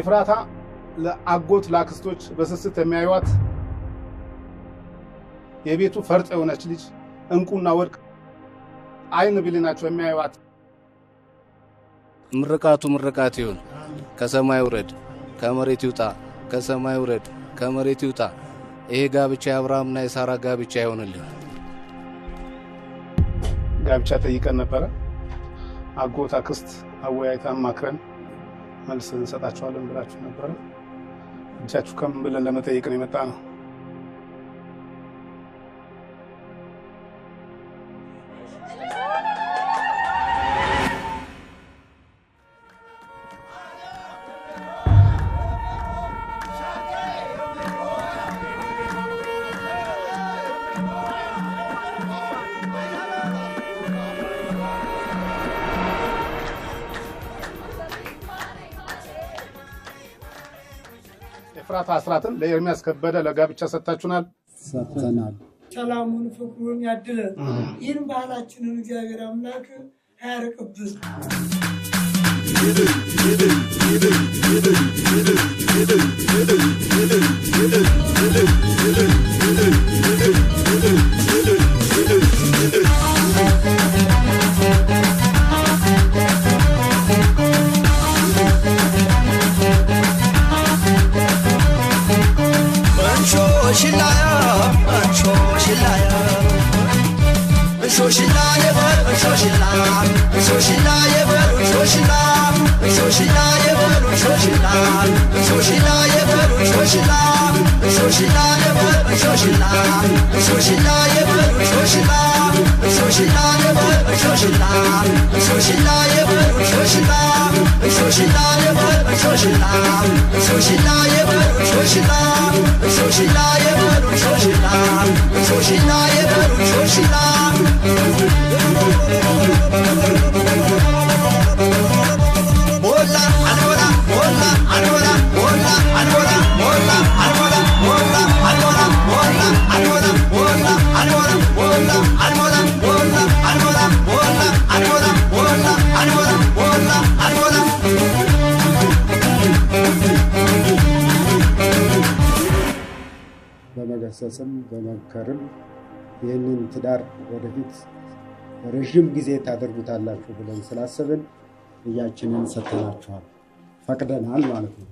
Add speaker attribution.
Speaker 1: ኤፍራታ ለአጎት ለአክስቶች በስስት የሚያዩት የቤቱ ፈርጥ የሆነች ልጅ እንቁና ወርቅ አይን ብሌናቸው የሚያዩት
Speaker 2: ምርቃቱ ምርቃት ይሁን። ከሰማይ ውረድ፣ ከመሬት ይውጣ፣ ከሰማይ ውረድ፣ ከመሬት ይውጣ። ይሄ ጋብቻ የአብርሃምና የሳራ ጋብቻ ይሆንልኝ።
Speaker 1: ጋብቻ ጠይቀን ነበረ። አጎት አክስት አወያይታ ማክረን መልስ እንሰጣቸዋለን ብላችሁ ነበረ። እጃችሁ ከም ብለን ለመጠየቅ ነው የመጣ ነው። ኤፍራታ አስራትን ለኤርሚያስ ከበደ ለጋብቻ ሰጥታችሁናል።
Speaker 3: ሰጥተናል።
Speaker 4: ሰላሙን ፍቅሩን ያድለን። ይህን ባህላችንን እግዚአብሔር አምላክ አያርቅብን። ሾሽላ የበሉ ሾሽላ ሾሽላ የበሉ
Speaker 5: ሾሽላ ሾሽላ ሾሽላ የበሉ ሾሽላ ሾሽላ የበሉ ሾሽላ ሾሽላ የበሉ ሾሽላ በመገሰጽም በመምከርም ይህንን ትዳር ወደፊት ረዥም ጊዜ ታደርጉታላችሁ ብለን ስላሰብን ጥያችንን ሰጥተናችኋል፣ ፈቅደናል ማለት ነው።